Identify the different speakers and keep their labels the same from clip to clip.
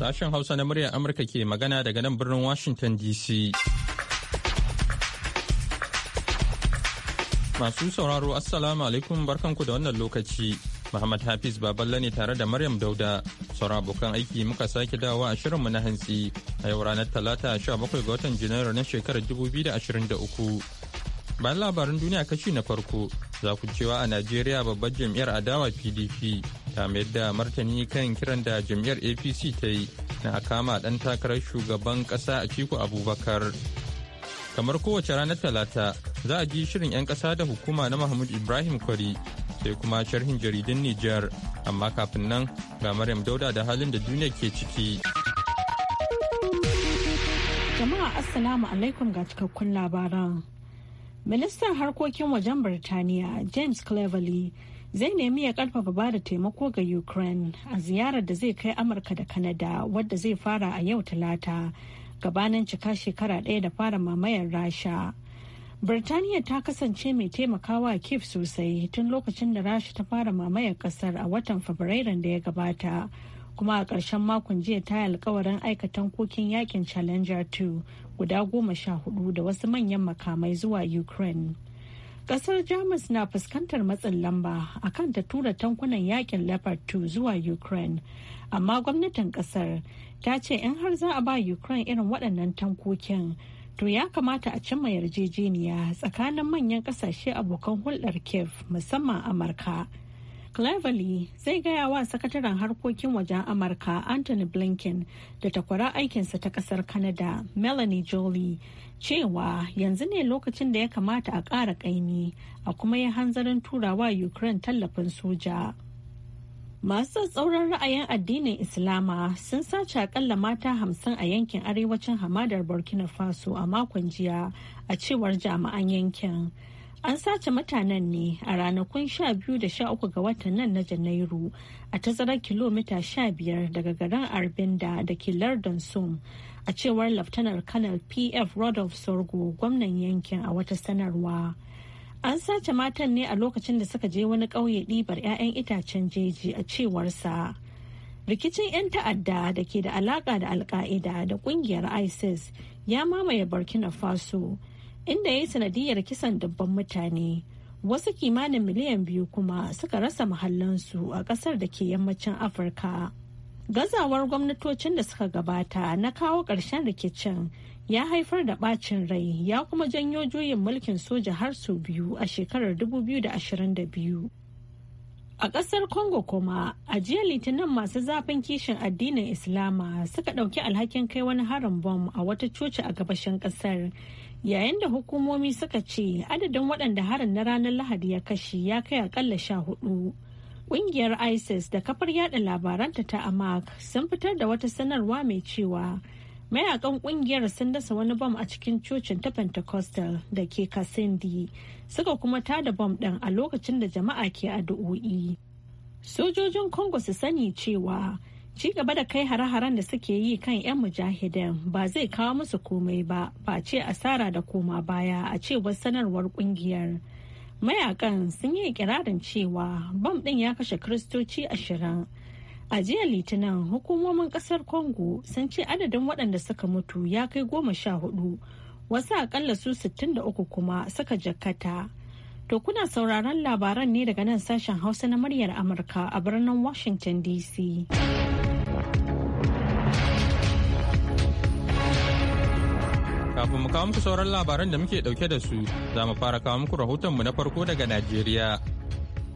Speaker 1: Sashen Hausa na muryar Amurka ke magana daga nan birnin Washington DC. Masu sauraro Assalamu alaikum barkanku da wannan lokaci. Muhammad Hafiz Baballe ne tare da Maryam Dauda. Sauran abokan aiki muka sake dawa a shirinmu na hantsi a yau ranar Talata 17 ga watan Janairu na shekarar 2023. Bayan labaran duniya kashi na farko za ku cewa a Najeriya babbar jam'iyyar adawa PDP ta mayar da martani kan kiran da jam'iyyar APC ta yi na akama ɗan takarar shugaban ƙasa a Ciku Abubakar. Kamar kowace ranar Talata za a ji shirin 'yan ƙasa da hukuma na Mahmud Ibrahim Kwari sai kuma sharhin jaridun Nijar amma kafin nan ga Maryam Dauda da halin da duniya ke ciki.
Speaker 2: Jama'a Assalamu alaikum ga cikakkun labaran. ministan harkokin wajen birtaniya james cleverly zai nemi ya karfafa ba da taimako ga ukraine a ziyarar da zai kai amurka da kanada wadda zai fara a yau talata gabanin cika shekara ɗaya da fara mamayar rasha birtaniya ta kasance mai taimakawa kif sosai tun lokacin da rasha ta fara mamayar kasar a watan fabrairun da ya gabata kuma a ƙarshen makon jiya ta yi alkawarin aikatan kokin yakin challenger 2 guda goma sha hudu da wasu manyan makamai zuwa ukraine kasar jamus na fuskantar matsin lamba akan ta tura tankunan yakin leopard 2 zuwa ukraine amma gwamnatin kasar ta ce in har za a ba ukraine irin waɗannan tankokin to ya kamata a cimma yarjejeniya tsakanin manyan ƙasashe abokan hulɗar kiev musamman amurka Cleverly zai gaya wa sakataren harkokin wajen Amurka Anthony Blinken da takwara aikinsa ta kasar Canada Melanie Jolie cewa yanzu ne lokacin da ya kamata a ƙara ƙaimi a kuma yi hanzarin turawa Ukraine tallafin soja. Masu tsauran ra'ayin addinin Islama sun sace akalla mata hamsin a yankin arewacin hamadar Burkina Faso a makon jiya a cewar jami'an yankin. An sace mutanen ne a ranakun 12 da 13 ga watan nan na Janairu a tazarar kilomita 15 daga garin Arbinda da ke lardin sum a cewar Laftanar Kanal PF Rodolf Sorgo gwamnan yankin a wata sanarwa. An sace matan ne a lokacin da suka je wani ƙauye ɗibar 'ya'yan itacen jeji a cewarsa. Rikicin 'yan ta'adda da ke da alaƙa da Alƙa'ida da ƙungiyar ISIS ya mamaye Burkina Faso. inda ya yi sanadiyar kisan dubban mutane wasu kimanin miliyan biyu kuma suka rasa mahallansu a kasar da ke yammacin afirka gazawar gwamnatocin da suka gabata na kawo ƙarshen rikicin ya haifar da ɓacin rai ya kuma janyo juyin mulkin soja har su biyu a shekarar 2022 A ƙasar Congo kuma, a jiya litinin masu zafin kishin addinin Islama suka ɗauki alhakin kai wani harin bom a wata coci a gabashin ƙasar yayin da hukumomi suka ce adadin waɗanda harin na ranar lahadi ya kashe ya kai akalla sha hudu ƙungiyar isis da kafar yada labaranta ta amak sun fitar da wata sanarwa mai cewa mayakan ƙungiyar sun dasa wani bom a cikin cocin ta pentecostal da ke kasindi suka kuma ta da bom ɗin a lokacin da jama'a ke addu'o'i sojojin congo su sani cewa ci gaba da kai hare-haren da suke yi kan 'yan mujahidin ba zai kawo musu komai ba ba ce asara da koma baya a cewar sanarwar kungiyar mayakan sun yi ikirarin cewa bam ɗin ya kashe kristoci ashirin a jiya litinin hukumomin ƙasar congo sun ce adadin waɗanda suka mutu ya kai goma sha hudu wasu akalla su sittin da uku kuma suka jakata to kuna sauraron labaran ne daga nan sashen hausa na muryar amurka a birnin washington dc
Speaker 1: Kafin mu kawo muku sauran labaran da muke dauke da su, za mu fara kawo muku rahotonmu na farko daga Najeriya.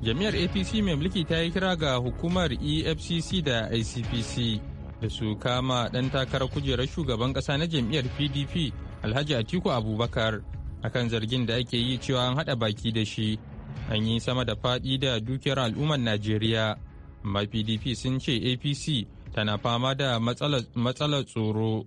Speaker 1: Jami'ar APC mai mulki ta yi kira ga hukumar EFCC da ICPC da su kama ɗan takarar kujerar shugaban ƙasa na jam'iyyar PDP Alhaji Atiku Abubakar akan zargin da ake yi cewa an haɗa baki da shi. An yi sama da faɗi da dukiyar al'ummar Najeriya. Amma PDP sun ce APC tana fama da matsalar tsoro.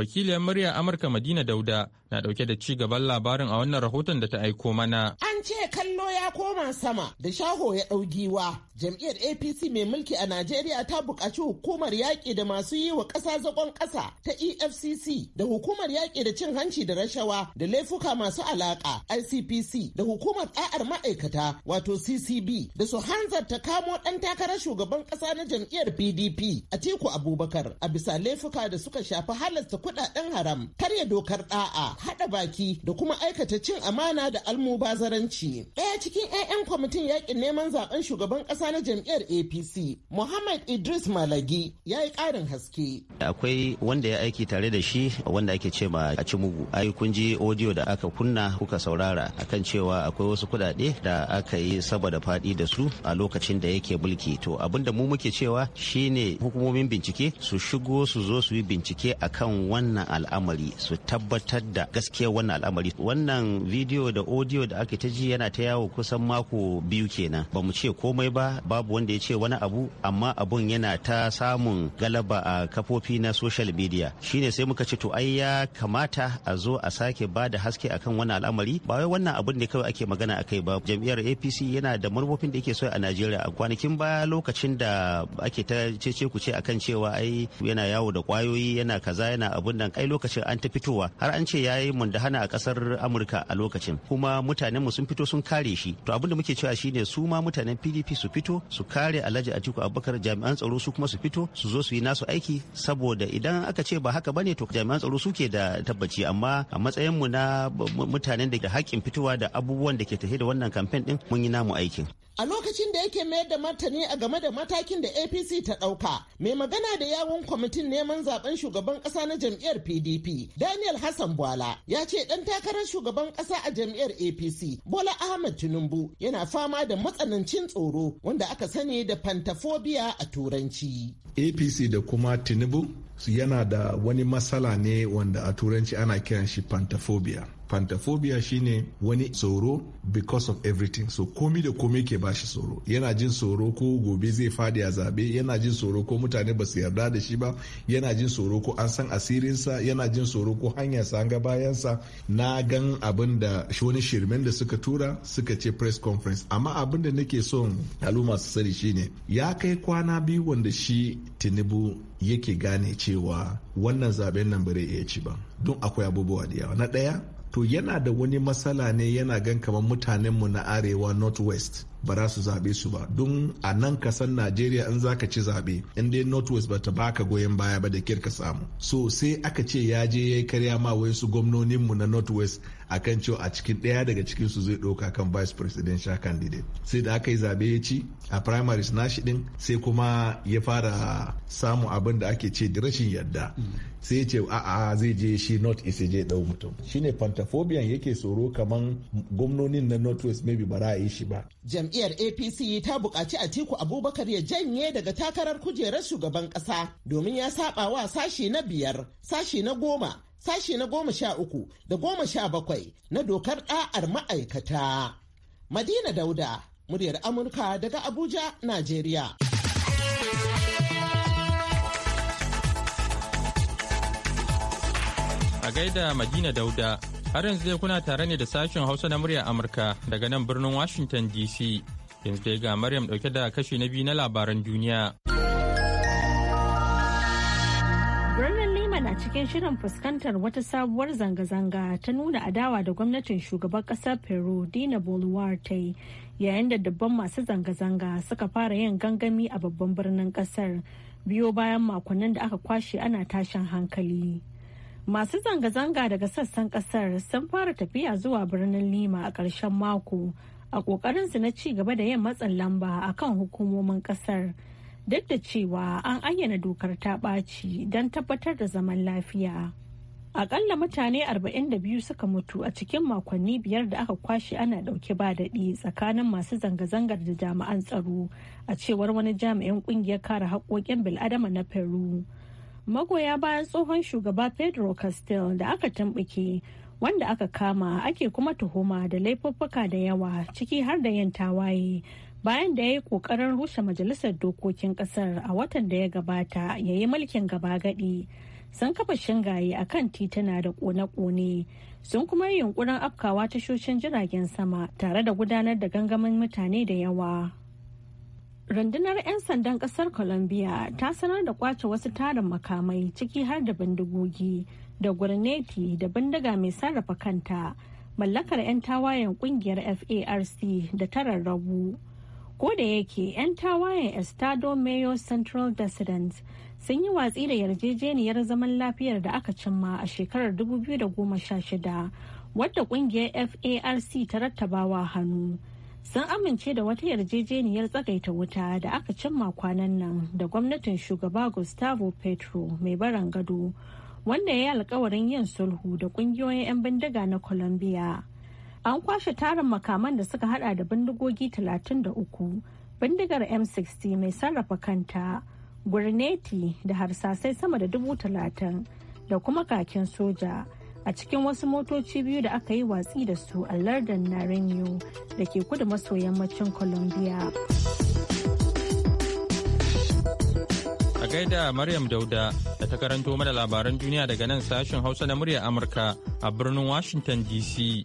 Speaker 1: wakiliyar murya amurka madina dauda na dauke da ci gaban labarin a wannan rahoton da ta aiko mana
Speaker 3: ce kallo ya koma sama da shaho ya ɗau giwa jam'iyyar apc mai mulki a najeriya ta buƙaci hukumar yaƙi da masu yi wa ƙasa zagon ƙasa ta efcc da hukumar yaƙi da cin hanci da rashawa da laifuka masu alaƙa icpc da hukumar ɗa'ar ma'aikata wato ccb da su hanzarta kamo ɗan takarar shugaban ƙasa na jam'iyyar pdp a atiku abubakar a bisa laifuka da suka shafi halasta kuɗaɗen haram karya dokar ɗa'a haɗa baki da kuma aikata cin amana da almubazaranci shugabanci. Ɗaya cikin 'ya'yan kwamitin yakin neman zaben shugaban ƙasa na jam'iyyar APC, Muhammad Idris Malagi ya yi ƙarin haske.
Speaker 4: Akwai wanda ya aiki tare da shi wanda ake ce ma a ci mugu. Ai kun ji audio da aka kunna kuka saurara akan cewa akwai wasu kuɗaɗe da aka yi saboda faɗi da su a lokacin da yake mulki. To abin da mu muke cewa shine hukumomin bincike su shigo su zo su yi bincike akan wannan al'amari su tabbatar da gaskiyar wannan al'amari. Wannan bidiyo da audio da ake ta ji ji yana ta yawo kusan mako biyu kenan ba mu ce komai ba babu wanda ya ce wani abu amma abun yana ta samun galaba a kafofi na social media shine sai muka ce to ai ya kamata a zo a sake ba da haske akan wani al'amari ba wai wannan abun ne kawai ake magana a kai ba jam'iyyar apc yana da manufofin da yake so a najeriya a kwanakin baya lokacin da ake ta cece ku ce akan cewa ai yana yawo da kwayoyi yana kaza yana abun nan kai lokacin an ta fitowa har an ce yayi hana a kasar amurka a lokacin kuma mutanen mu sun fito sun kare shi to abin da muke cewa shine su ma mutanen pdp su fito su kare alhaji atiku abubakar jami'an tsaro su kuma su fito su zo su yi nasu aiki saboda idan aka ce ba haka bane to jami'an tsaro suke da tabbaci amma a matsayin mu na mutanen da hakkin fitowa da abubuwan da ke tafe da wannan kamfen din mun yi namu aikin
Speaker 3: a lokacin da yake mayar da martani a game da matakin da apc ta ɗauka mai magana da yawun kwamitin neman zaben shugaban ƙasa na jam'iyyar pdp daniel hassan bwala ya ce ɗan takarar shugaban ƙasa a jam'iyyar apc bola Ahmad tinubu yana fama da matsanancin tsoro wanda aka sani da pantafobia a turanci
Speaker 5: apc da kuma tinubu yana da wani matsala ne wanda a turanci ana kiran shi pantafobia pantophobia shine wani tsoro because of everything so komi da komi ke ba shi tsoro yana jin tsoro ko gobe zai fadi a zabe yana jin tsoro ko mutane ba su yarda da shi ba yana jin tsoro ko an san asirinsa yana jin tsoro ko hanyar sa ga bayansa na gan abin da wani shirmen da suka tura suka ce press conference amma abin da nake son al'umma su sani shine ya kai kwana biyu wanda shi tinubu yake gane cewa wannan zaben nan bare iya ci ba don akwai abubuwa da yawa na ɗaya to yana da wani matsala ne yana gan kamar mutanenmu na arewa northwest ba za su zaɓe su ba don a nan kasan najeriya in za ka ci zaɓe in dai northwest ba ta baka goyon baya ba da kirka samu so sai aka ce ya je ya yi karya ma wai wasu gwamnoninmu na northwest akan cewa a cikin ɗaya daga cikin su zai ɗauka kan vice presidential candidate sai da aka yi zaɓe ya ci a primaries na shi din sai kuma ya fara samun abin da ake ce da rashin yadda sai ya ce a'a zai je shi north east je ɗau mutum shine pantaphobian yake tsoro kaman gwamnonin na north west maybe ba za a yi shi ba
Speaker 3: jam'iyyar apc ta buƙaci atiku abubakar ya janye daga takarar kujerar shugaban ƙasa domin ya saba wa sashi na biyar sashi na goma sashi na goma sha uku da goma sha bakwai na dokar ɗa'ar ma'aikata madina dauda muryar amurka daga abuja najeriya
Speaker 1: a gaida madina dauda Har yanzu dai kuna tare ne da sashen Hausa na murya Amurka daga nan birnin Washington DC. Yanzu dai ga Maryam dauke da kashi na biyu na labaran duniya.
Speaker 2: Birnin Lima na cikin shirin fuskantar wata sabuwar zanga-zanga ta nuna adawa da gwamnatin shugaban kasar Peru Dina Boluvar ta yi yayin da dabban masu zanga-zanga suka fara yin gangami a babban birnin kasar biyo bayan makonnin da aka kwashe ana tashin hankali. Masu zanga-zanga daga sassan kasar sun fara tafiya zuwa birnin Lima a ƙarshen mako a ƙoƙarinsu na ci gaba da yin matsin lamba a kan hukumomin ƙasar. Duk da cewa an ayyana dokar ta ɓaci don tabbatar da zaman lafiya. Aƙalla mutane 42 suka mutu a cikin makonni biyar da aka kwashe ana ɗauke ba daɗi tsakanin masu zanga-zangar da jami'an tsaro a cewar wani jami'in ƙungiyar kare haƙƙoƙin bil'adama na Peru. magoya bayan tsohon shugaba pedro castel da aka tambake wanda aka kama ake kuma tuhuma da laifuffuka da yawa ciki har da yin tawaye bayan da ya yi kokarin rushe majalisar dokokin kasar a watan da ya gabata ya yi mulkin gaba gadi sun kafa shingaye a kan tituna da kone-kone sun kuma yi yunkurin afkawa tashoshin jiragen sama tare da gudanar da gangamin mutane da yawa rundunar 'yan sandan kasar colombia ta sanar da kwace wasu tarin makamai ciki har da bindigogi da gurneti da bindiga mai sarrafa kanta mallakar 'yan tawayen kungiyar farc da tarar rabu ko da yake 'yan tawayen estado mayo central dissidents sun yi watsi da yarjejeniyar zaman lafiyar da aka cimma a shekarar 2016 wadda kungiyar farc ta rattabawa hannu sun amince da wata yarjejeniyar tsagaita wuta da aka cimma kwanan nan da gwamnatin shugaba gustavo petro mai baran gado wanda ya yi alkawarin yin sulhu da kungiyoyin 'yan bindiga na colombia an kwashe tarin makaman da suka hada da bindigogi 33 bindigar m60 mai sarrafa kanta gurneti da harsasai sama da dubu talatin da kuma kakin soja a cikin wasu motoci biyu da aka yi watsi da su a lardin narenyo da ke kudu maso yammacin colombia
Speaker 1: a gaida maryam dauda da ta karanto mana labaran duniya daga nan sashen hausa na murya amurka a birnin washington dc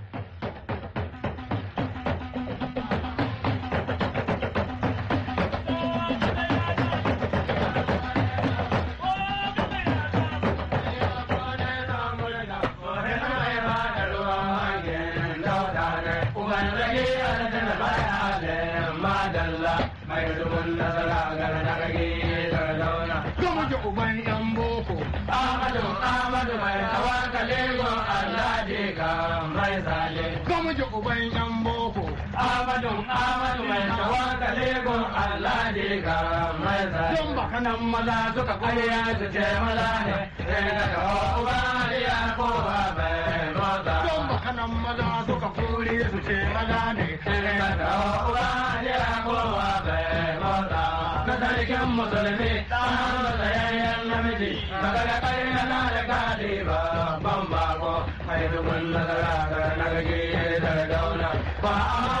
Speaker 6: Ahmadu mai tawakkale gun Allah ne ga mai zai. Tun baka nan maza suka kwaya su ce maza ne, sai da kawo uba ya kowa bai maza. Tun baka nan maza suka kuri su ce maza ne, sai da kawo uba ya kowa bai maza. Na sarkin musulmi, ɗan matsayayyen namiji, daga da kai na na da kadi babban bako, mai dubun nasara ga nagage da dauna. Ba a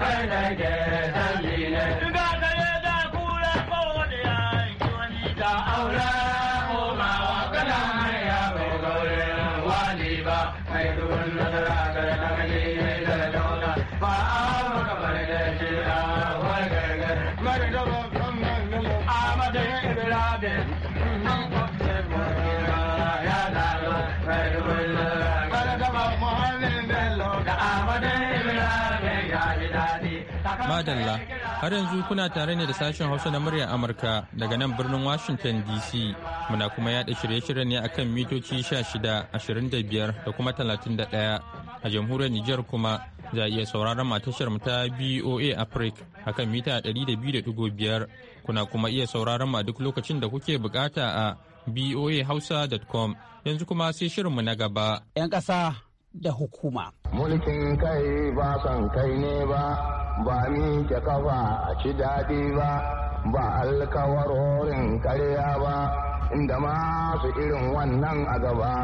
Speaker 6: ಶರಣಗೆ
Speaker 1: madalla har yanzu kuna tare ne da sashen hausa na muryar amurka daga nan birnin washington dc muna kuma yada shirye-shirye ne akan mitoci 16 25 da kuma 31 a jamhuriyar niger kuma za a iya sauraron matashar ta boa africa akan mita 200.5 kuna kuma iya sauraron ma duk lokacin da kuke bukata a boahausa.com yanzu kuma sai shirin mu na gaba
Speaker 7: 'yan kasa
Speaker 6: da hukuma mulkin kai ba san kai ne ba ba mi ke kafa a ci daɗi ba ba alkawarorin karya ba inda masu irin wannan a gaba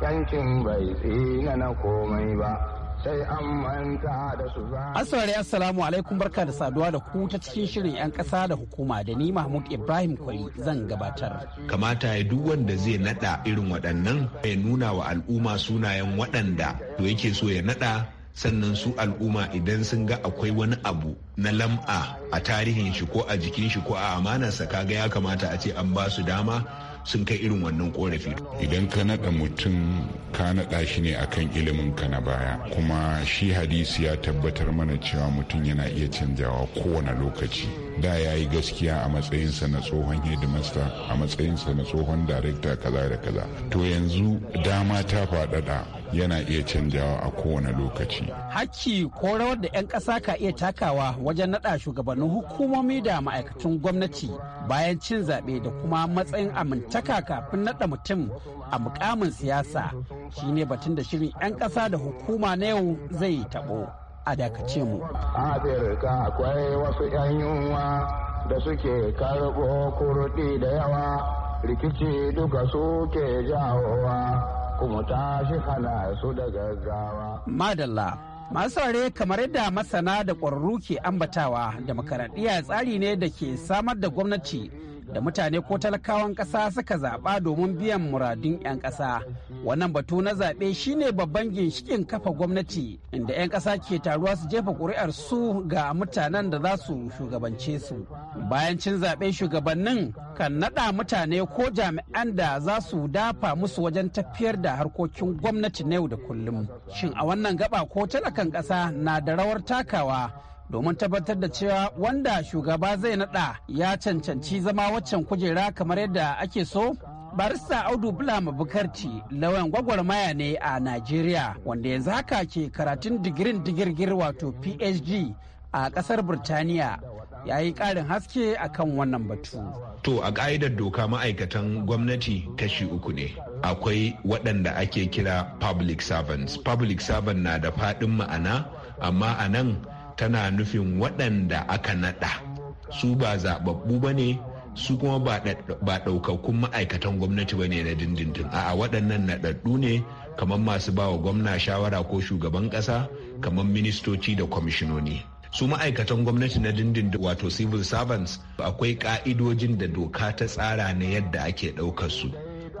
Speaker 6: yankin bai tsina na komai ba sai an manta da su za
Speaker 7: asirari assalamu alaikum barka da saduwa da ku ta cikin shirin 'yan kasa da hukuma da ni mahmud ibrahim kwari zan gabatar
Speaker 8: kamata ya duk wanda zai nada irin waɗannan ya nuna wa al'umma sunayen waɗanda to yake so ya nada sannan su al'umma idan sun ga akwai wani abu na lam'a a tarihin shi ko a jikin shi ko a sa kaga ya kamata a ce an ba su dama sun kai irin wannan korafi.
Speaker 9: Idan ka naɗa mutum ka naɗa shi ne akan ilimin ka na baya kuma shi hadisi ya tabbatar mana cewa mutum yana iya canjawa kowane lokaci. da ya yi gaskiya a matsayinsa na tsohon hedimasta a matsayinsa na tsohon darekta kaza da kaza to yanzu dama ta faɗaɗa yana iya canjawa a kowane lokaci
Speaker 7: hakki ko rawar da 'yan ƙasa ka iya takawa wajen naɗa shugabannin hukumomi da ma'aikatan gwamnati bayan cin zaɓe da kuma matsayin amintaka kafin naɗa mutum a mukamin siyasa shine batun da shirin 'yan ƙasa da hukuma na yau zai taɓo. a dakace mu.
Speaker 6: Afirka akwai wasu 'yan yunwa da suke karɓo kurɗi da yawa rikici duka suke jawowa kuma tashi hana su da gaggawa.
Speaker 7: Madalla Masu saurare kamar yadda masana da ƙwararru ke ambatawa da tsari ne da ke samar da gwamnati da mutane ko talakawan ƙasa suka zaɓa domin biyan muradun 'yan ƙasa. Wannan batu na zaɓe shine babban ginshikin kafa gwamnati inda 'yan ƙasa ke taruwa su jefa ƙuri'arsu su ga mutanen da za su shugabance su. Bayan cin zaɓe shugabannin kan naɗa mutane ko jami'an da za su dafa musu wajen tafiyar da harkokin gwamnati na yau da kullum. Shin a wannan gaba ko talakan ƙasa na da rawar takawa domin tabbatar da cewa wanda shugaba zai naɗa ya cancanci zama waccan kujera kamar yadda ake so barista audu bulama bukarti lauyan gwagwarmaya ne a nigeria wanda yanzu haka ke karatun digirin digirgir wato phd a kasar birtaniya ya yi karin haske a kan wannan batu
Speaker 8: to a ƙa'idar doka ma'aikatan gwamnati kashi uku ne akwai waɗanda ake kira public servants public servant na da faɗin ma'ana amma a nan tana nufin waɗanda aka naɗa su ba zaɓaɓɓu ba ne su kuma ba ɗaukakkun ma'aikatan gwamnati ba ne na dindindin a'a waɗannan naɗaɗɗu ne kamar masu ba wa gwamna shawara ko shugaban ƙasa kamar ministoci da kwamishinoni su ma'aikatan gwamnati na dindindin wato civil servants akwai ka'idojin da doka ta tsara na yadda ake ɗaukar su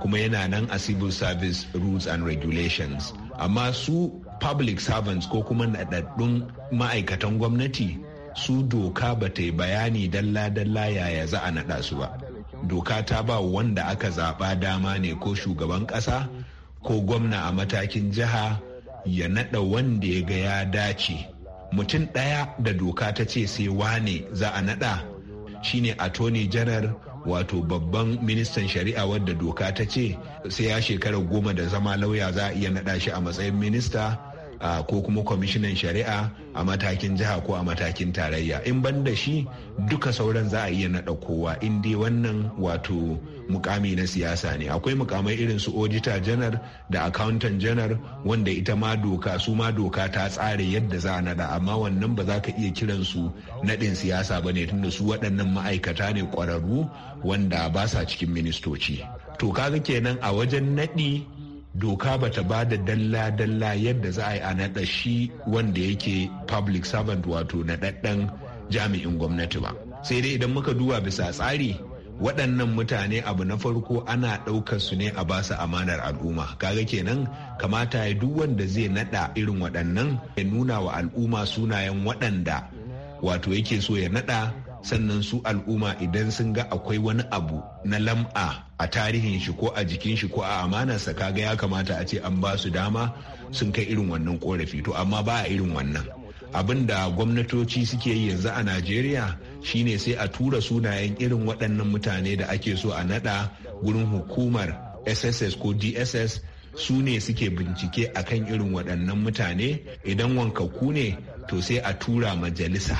Speaker 8: kuma yana nan a civil service rules and regulations amma su public servants ko kuma naɗaɗɗun ma'aikatan gwamnati su doka ba ta yi bayani dalla-dalla yaya za a naɗa su ba doka ta ba wanda aka zaɓa dama ne ko shugaban ƙasa ko gwamna a matakin jiha ya naɗa wanda ya ga ya dace mutum ɗaya da doka ta ce sai wane za a naɗa shine attorney general wato babban ministan shari'a wadda doka ta ce sai ya shekara goma da zama lauya za a iya naɗa shi a matsayin minista ko kuma kwamishinan shari'a a matakin jiha ko a matakin tarayya in ban da shi duka sauran za a iya naɗa kowa in dai wannan wato mukami na siyasa ne akwai mukamai irin su auditor janar da accountant janar wanda ita ma doka su ma doka ta tsare yadda za a naɗa amma wannan ba za ka iya kiran su naɗin siyasa ba ne tunda su waɗannan ma'aikata ne ƙwararru wanda ba sa cikin ministoci to kaga kenan a wajen naɗi doka ba ta ba da dalla-dalla yadda za a yi a naɗa shi wanda yake public servant wato naɗaɗɗen jami'in gwamnati ba sai dai idan muka duba bisa tsari waɗannan mutane abu na farko ana ɗaukar su ne a basu amanar al'umma kaga kenan kamata ya duk wanda zai naɗa irin waɗannan ya nuna wa al'umma sunayen waɗanda wato yake so ya naɗa sannan su al'umma idan sun ga akwai wani abu na lam'a a tarihin shi ko a jikin shi ko a amanarsa kaga ya kamata a ce an ba su dama sun kai irin wannan korafi to amma ba a irin wannan abin da gwamnatoci suke yi yanzu a najeriya shine sai a tura sunayen irin waɗannan mutane da ake so a naɗa gurin hukumar sss ko dss su ne suke bincike akan irin waɗannan mutane idan wankakku ne to sai a tura majalisa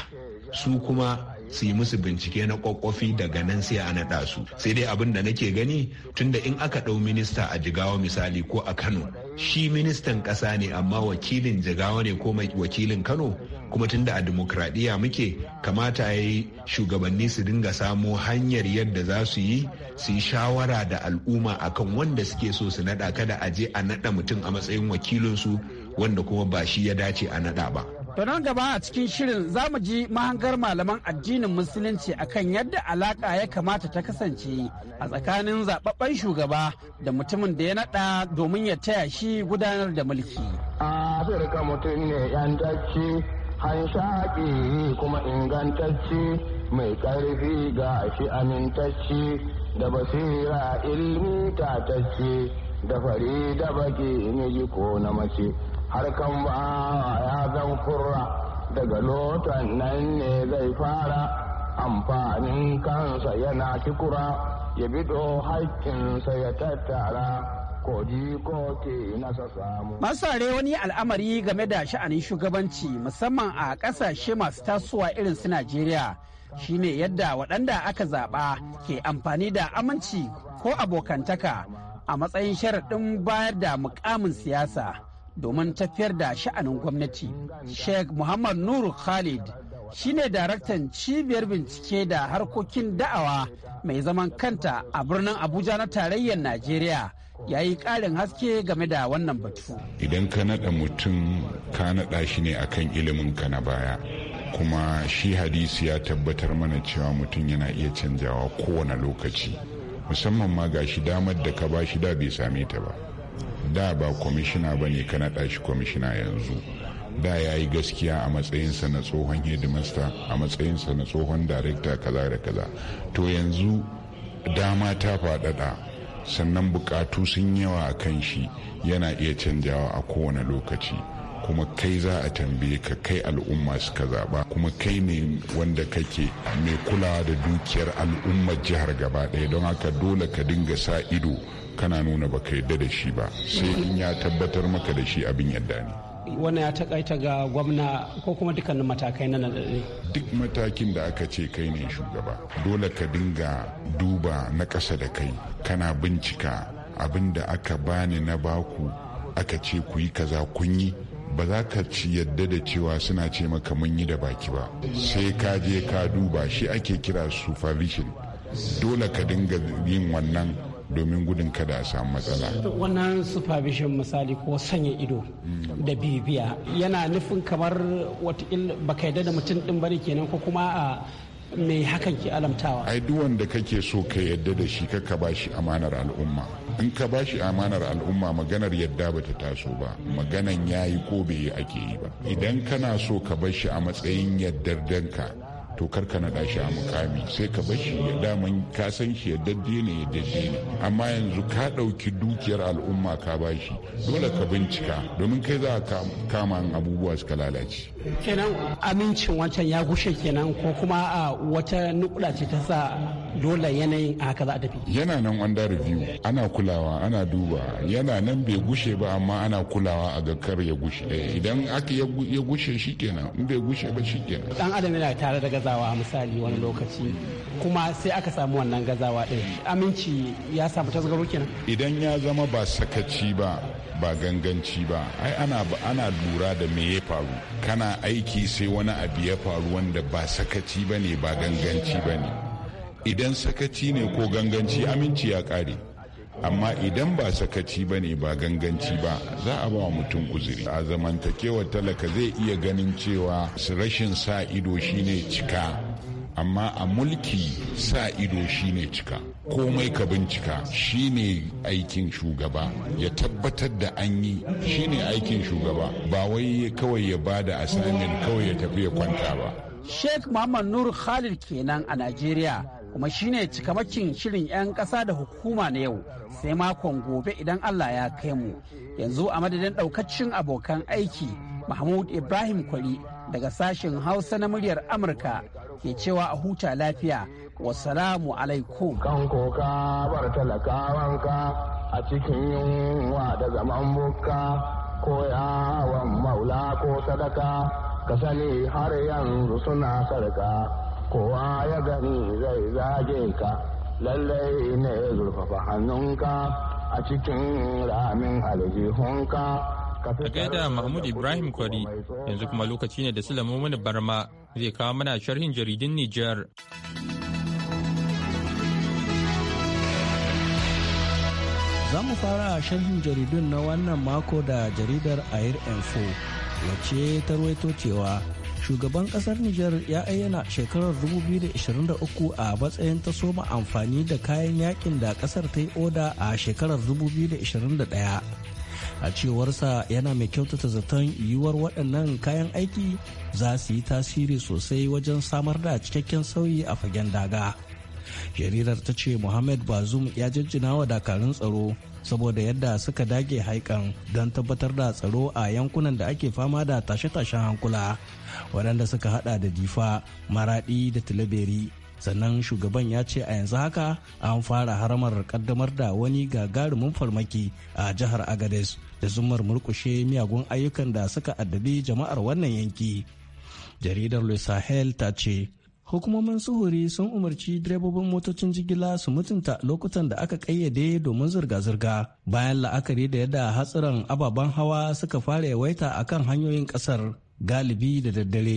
Speaker 8: su kuma su yi musu bincike na kwakwafi daga nan sai a naɗa su sai dai abin da nake gani tunda in aka ɗau minista a jigawa misali ko a kano shi ministan ƙasa ne amma wakilin jigawa ne ko wakilin kano kuma tunda a demokradiyya muke kamata ya yi shugabanni su dinga samo hanyar yadda za su yi su yi shawara da al'umma akan wanda suke so su naɗa kada a je a naɗa mutum a matsayin wakilinsu wanda kuma ba shi ya dace a naɗa ba
Speaker 7: To nan gaba a cikin shirin za mu ji mahangar malaman addinin musulunci akan yadda alaka ya kamata ta kasance a tsakanin zababben shugaba da mutumin da ya nada domin ya taya shi gudanar da mulki.
Speaker 6: Afirka mutum ne yantacci, hanshaƙi kuma ingantacci mai ƙarfi ga shi amintacci da basira ilmi tatacci da fari da baki ne ko na mace. har kan ba ya zan kurra daga lotan nan ne zai fara amfanin kansa yana kikura ya bido haƙƙinsa ya tattara Masare
Speaker 7: wani al'amari game da sha'anin shugabanci musamman a ƙasashe masu tasowa irin su Najeriya shine yadda waɗanda aka zaɓa ke amfani da aminci ko abokantaka a matsayin sharaɗin bayar da mukamin siyasa. domin tafiyar da sha'anin gwamnati sheikh muhammad nuru khalid shi ne daraktan cibiyar bincike da harkokin da'awa mai zaman kanta a birnin abuja na tarayyar najeriya ya yi ƙarin haske game da wannan batu
Speaker 9: idan ka naɗa mutum ka naɗa shi ne akan ilimin ka na baya kuma shi hadisi ya tabbatar mana cewa mutum yana iya canjawa kowane lokaci musamman ma ga shi damar da ka ba shi da bai same ta ba da ba kwamishina ba ne ka naɗa shi kwamishina yanzu da ya yi gaskiya a matsayinsa na tsohon hedimasta a matsayinsa na tsohon darekta kaza da kaza to yanzu dama ta faɗaɗa sannan bukatu sun yawa a kan shi yana iya canjawa a kowane lokaci kuma kai za a tambaye ka kai al'umma suka zaba kuma kai ne wanda kake mai kulawa da dukiyar al'ummar jihar gaba ɗaya don haka dole ka dinga sa ido kana nuna baka yadda da shi ba sai in ya tabbatar maka da shi abin yadda ne
Speaker 7: wannan ya takaita ga gwamna ko kuma dukkanin matakai na nadade
Speaker 9: duk matakin da aka ce kai ne shugaba dole ka dinga duba na ƙasa da kai kana bincika abin da aka bani na baku aka ce ku yi kaza kun yi ba za ka ci yadda da cewa suna ce maka mun yi da baki ba sai ka je ka duba shi ake kira supervision dole ka dinga yin wannan domin gudun kada a samu matsala.
Speaker 7: wannan supervision misali ko sanya ido da bibiya yana nufin kamar wata baka yadda da mutum din bari kenan ko kuma a ah, me hakan ke alamtawa
Speaker 9: ai duk wanda kake so ka yadda da shi ka ba shi amanar al'umma in ka ba shi amanar al'umma maganar yadda bata taso ba maganan yayi ko bai ake yi ba idan kana so ka bar shi a matsayin yaddar danka to kar ka naɗa shi a mukami sai ka bar shi ya daman ka san shi ya dadde ne ya dadde ne amma yanzu ka ɗauki dukiyar al'umma ka ba shi dole ka bincika domin kai za ka kama abubuwa suka lalace.
Speaker 7: kenan amincin wancan ya gushe kenan ko kuma a wata nukula ce ta sa dole yanayin a haka za a tafi.
Speaker 9: yana nan wanda review ana kulawa ana duba yana nan bai gushe ba amma ana kulawa a ga kar ya gushe eh, idan aka ya gushe shi kenan in bai gushe ba shi kenan.
Speaker 7: dan adam yana tare daga gazawa misali wani lokaci kuma sai aka samu wannan gazawa ɗin aminci ya samu tasgaro kenan
Speaker 9: idan ya zama ba sakaci ba ba ganganci ba ai ana ana lura da me ya faru kana aiki sai wani abu ya faru wanda ba sakaci ba ne ba ganganci ba ne idan sakaci ne ko ganganci aminci ya kare amma idan ba sakaci ba ne ba ganganci ba za a ba mutum uzuri a zamantakewar talaka zai iya ganin cewa rashin sa ido shine cika amma a mulki sa ido shine cika komai ka bincika shine aikin shugaba ya tabbatar da an yi shine aikin shugaba ba wai kawai ya bada assignment kawai ya tafi ya kwanta ba
Speaker 7: sheikh muhammad nur khalid kenan a najeriya kuma shine cikamakin shirin 'yan ƙasa da hukuma na yau sai makon gobe idan Allah ya kai mu yanzu a madadin ɗaukacin abokan aiki mahmud ibrahim kwari daga sashen hausa na muryar amurka ke cewa a huta lafiya wasalamu alaikum kan koka bar
Speaker 6: talakawanka a cikin yunwa da zaman buka ko yawon maula ko sadaka ka sani har yanzu suna sarka kowa ya gani zai zage ka lallai ne zurfafa hannunka a cikin ramin aljihunka a gaida
Speaker 1: mahmud ibrahim kwari yanzu kuma lokaci ne da sulamu mana barma zai kawo mana sharhin jaridin nijar.
Speaker 10: za mu fara sharhin jaridun na wannan mako da jaridar air info wacce ta ruwaito cewa shugaban kasar Nijar ya ayyana shekarar 2023 a matsayin ta soma amfani da kayan yakin da kasar ta yi oda a shekarar 2021. A cewarsa yana mai kyautata zaton yiwuwar waɗannan kayan aiki za su yi tasiri sosai wajen samar da cikakken sauyi a fagen daga. jaridar ta ce muhammad bazum ya jinjina wa dakarun tsaro saboda yadda suka dage haikan don tabbatar da tsaro a yankunan da ake fama da tashe-tashen hankula waɗanda suka hada da difa maradi da tilaberi sannan shugaban ya ce a yanzu haka an fara haramar kaddamar da wani gagarumin farmaki a jihar agades da zumar murkushe miyagun ayyukan da suka addabi jama'ar wannan yanki jaridar le sahel ta ce hukumomin suhuri sun umarci direbobin motocin jigila su mutunta lokutan da aka kayyade domin zirga-zirga bayan la'akari da yadda hatsarin ababen hawa suka fara yawaita a kan hanyoyin kasar galibi da daddare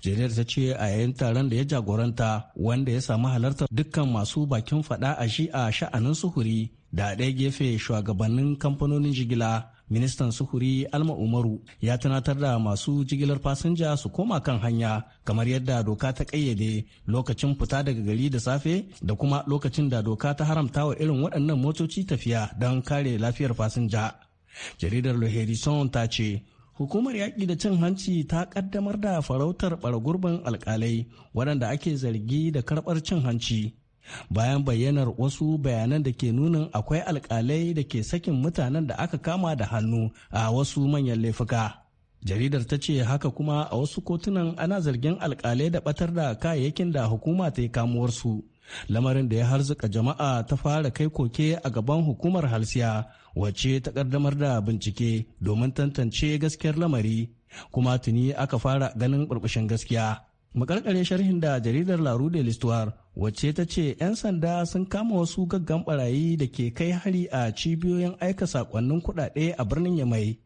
Speaker 10: jaridar ta ce a yayin taron da ya jagoranta wanda ya samu halartar dukkan masu bakin fada a shi a sha'anin suhuri da ɗaya gefe shugabannin kamfanonin jigila ministan suhuri alma umaru ya tunatar da masu jigilar fasinja su koma kan hanya kamar yadda doka ta kayyade lokacin fita daga gari da safe da kuma lokacin da doka ta haramta wa irin waɗannan motoci tafiya don kare lafiyar fasinja jaridar loherison ta ce hukumar yaƙi da cin hanci ta ƙaddamar da farautar ɓargurbin alƙalai waɗanda ake zargi da karɓar cin hanci bayan bayyanar wasu bayanan da ke nunin akwai alkalai da ke sakin mutanen da aka kama da hannu a wasu manyan laifuka. jaridar ta ce haka kuma a wasu kotunan ana zargin alkalai da batar da kayayyakin da hukuma ta yi kamuwarsu lamarin da ya harzuka jama'a ta fara kai koke a gaban hukumar halsiya wacce ta kaddamar da bincike domin tantance gaskiyar lamari kuma tuni aka fara ganin burbushin gaskiya makarkare sharhin da jaridar laru de listuwar wacce ta ce 'yan sanda sun kama wasu gaggan barayi da ke kai hari a cibiyoyin aika sakonnin kudade a birnin yamai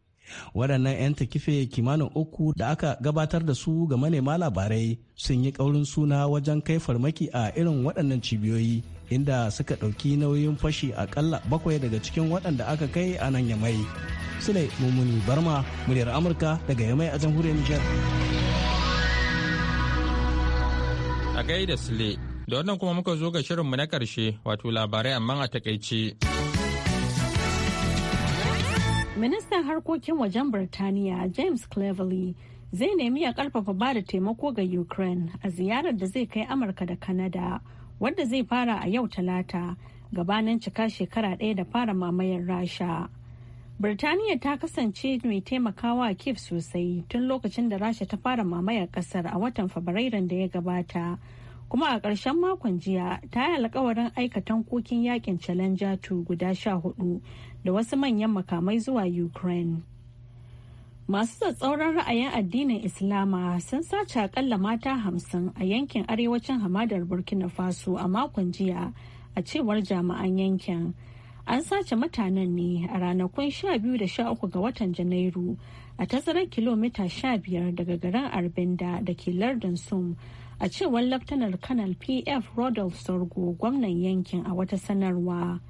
Speaker 10: waɗannan 'yan takife kimanin uku da aka gabatar da su ga manema labarai sun yi ƙaurin suna wajen kai farmaki a irin waɗannan cibiyoyi inda suka ɗauki nauyin fashi aƙalla bakwai daga cikin waɗanda aka kai a nan yamai sule Mumuni barma muryar amurka daga yamai a jamhuriyar nijar
Speaker 1: A gaida Sule, da wannan kuma muka zo ga shirinmu na karshe wato labarai amma a takaice.
Speaker 2: Ministan harkokin wajen Birtaniya James Cleverly zai nemi ya karfafa ba da taimako ga Ukraine a ziyarar da zai kai Amurka da Kanada wadda zai fara a yau talata gabanin cika shekara ɗaya da fara mamayar Rasha. Birtaniya ta kasance mai taimakawa a Kiev sosai tun lokacin da Rasha ta fara mamayar kasar a watan Fabrairun da ya gabata. Kuma a ƙarshen makon jiya ta yi alkawarin aika tankokin yakin Challenger tu guda sha hudu da wasu manyan makamai zuwa Ukraine. Masu tsatsauran ra'ayin addinin Islama sun sace akalla mata hamsin a yankin arewacin hamadar Burkina Faso a makon jiya a cewar jami'an yankin. an sace mutanen ne a ranakun 12 da 13 ga watan janairu a tazarar kilomita 15 daga garin arbinda da ke lardin sum a cewar laftanar kanal pf rodolph sorgo gwamnan yankin a wata sanarwa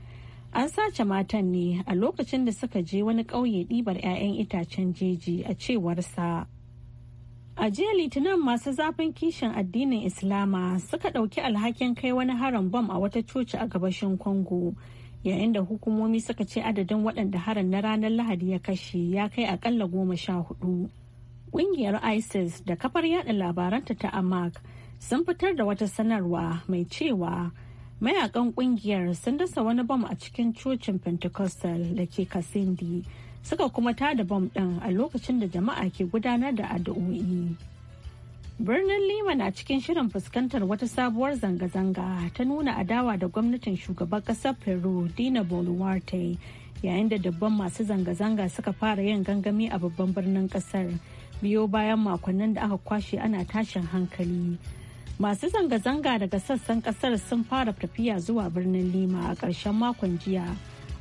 Speaker 2: an sace matan ne a lokacin da suka je wani ƙauye ɗibar 'ya'yan itacen jeji a cewarsa a jiya litinin masu zafin kishin addinin islama suka ɗauki alhakin kai wani haram bom a wata coci a gabashin congo yayin da hukumomi suka ce adadin waɗanda harin na ranar lahadi ya kashe ya kai akalla goma sha hudu ƙungiyar isis da kafar yada labaranta ta amak sun fitar da wata sanarwa mai cewa mayakan ƙungiyar sun dasa wani bam a cikin cocin pentecostal da ke kasindi suka kuma tada bom ɗin a lokacin da jama'a ke gudanar da addu'o'i. Birnin Lima na cikin shirin fuskantar wata sabuwar zanga-zanga ta nuna adawa da gwamnatin shugaban ƙasar Peru Dina Boluarte yayin da dabban masu zanga-zanga suka fara yin gangami a babban birnin ƙasar biyo bayan makonnin da aka kwashe ana tashin hankali. Masu zanga-zanga daga sassan ƙasar sun fara tafiya zuwa birnin Lima a ƙarshen makon jiya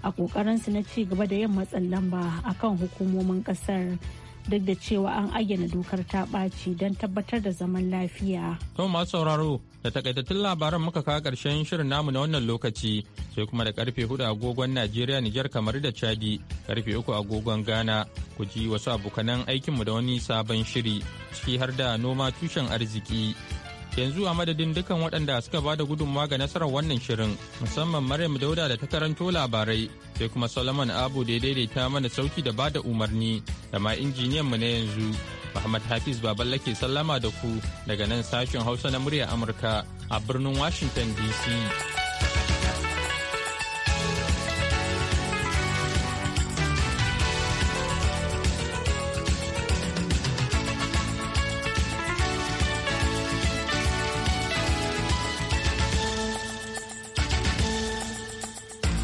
Speaker 2: a ƙoƙarinsu na ci gaba da yin matsin lamba akan hukumomin ƙasar. duk da cewa an ayyana dokar ta ɓaci don tabbatar da zaman lafiya.
Speaker 1: To masu sauraro da takaitattun labaran muka kawo ƙarshen shirin namu na wannan lokaci sai kuma da karfe hudu agogon Najeriya Nijar kamar da Chadi karfe uku agogon Ghana ku ji wasu abokanan aikinmu da wani sabon shiri ciki har da noma tushen arziki. yanzu a madadin dukan waɗanda suka ba da gudunmawa ga nasarar wannan shirin musamman maryam dauda da ta karanto labarai sai kuma solomon abu da ya daidaita mana sauki da ba da umarni da ma injiniyan mu na yanzu muhammad hafiz baballe ke sallama da ku daga nan sashen hausa na murya amurka a birnin washington dc